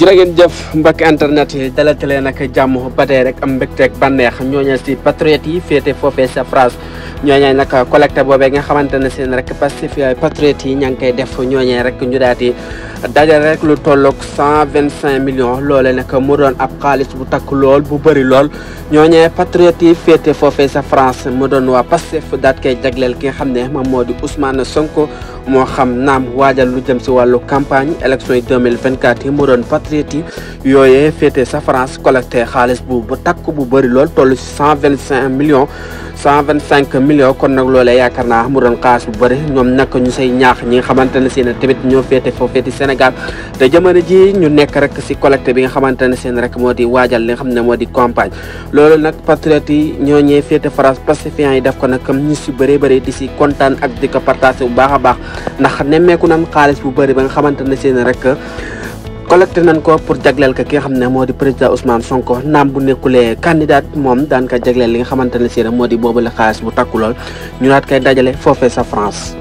jërë ngeen jëf mbokk internet yi dalatalee nag jàmm ba tey rek am mbégteeg bànneex ñooñu si patriote yi féete foofee sa France ñooñu nag collecte boobee nga xamante ne seen rek parce que patriote yi ña def koy def ñooñu rek ñu daati dajal rek lu tolloog cent vingt cinq million loole nag mu doon ab xaalis bu takk lool bu bëri lool ñooñee patriote yi féete foofee sa France mu doon waa Pastef daat koy jagleel ki nga xam ne moom moo di Ousmane Sonko moo xam naam waajal lu jëm si wàllu campagne élection yi 2024 yi mu doon patriote yi yooyee féete sa France collecté xaalis bu bu takk bu bari lool toll si cent vingt cinq million cent vingt cinq millions kon nag loolee yaakaar naa mu doon xaalis bu bëri ñoom nag ñaax ñi nga ne si ne tamit ñoo féete Sénégal te jamono ji ñu nekk rek si collecte bi nga xamante ne seen rek moo di waajal li nga xam ne moo di campagne loolu nag patriote yi ñoo ñee féete France pacifiens yi def ko nag ñu si bëree bëri di si kontaan ak di ko partagé bu baax a baax ndax nemmeeku nan xaalis bu bëri ba nga xamante seen rek collecté nañ ko pour jagleel ko ki nga xam ne moo di président Ousmane Sonko nam bu nekkulee candidat mom dan ka jagleel li nga xamante ne si moo di boobu la xaalis bu takku lool ñu naat koy dajale foofee sa France